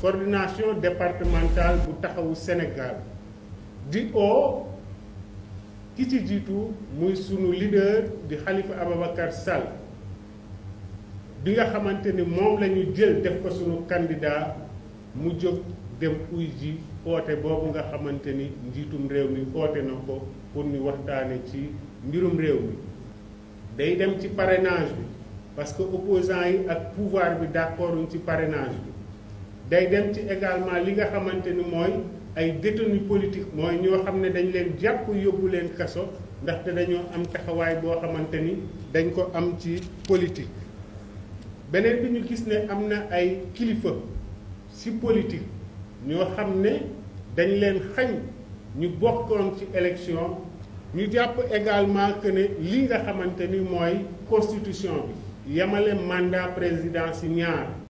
coordination départementale bu taxawu Sénégal di oo ki ci jiitu muy sunu leader di Khalifa Ababacar Sall bi nga xamante ni moom la ñu jël def ko sunu candidat mu jóg dem uy ji oote boobu nga xamante ni njiitum réew mi oote na ko pour ñu waxtaane ci mbirum réew mi day dem ci parenage bi parce que opposants yi ak pouvoir bi d'accorduñ ci parenage bi day dem ci également li nga xamante ni mooy ay détenus politique mooy ñoo xam ne dañ leen jàpp yóbbu leen kaso ndaxte dañoo am taxawaay boo xamante ni dañ ko am ci politique. beneen bi ñu gis ne am na ay kilifa ci politique ñoo xam ne dañ leen xañ ñu bokkoon ci élection ñu jàpp également que ne li nga xamante ni mooy constitution bi yemale mandat présidence yi ñaar.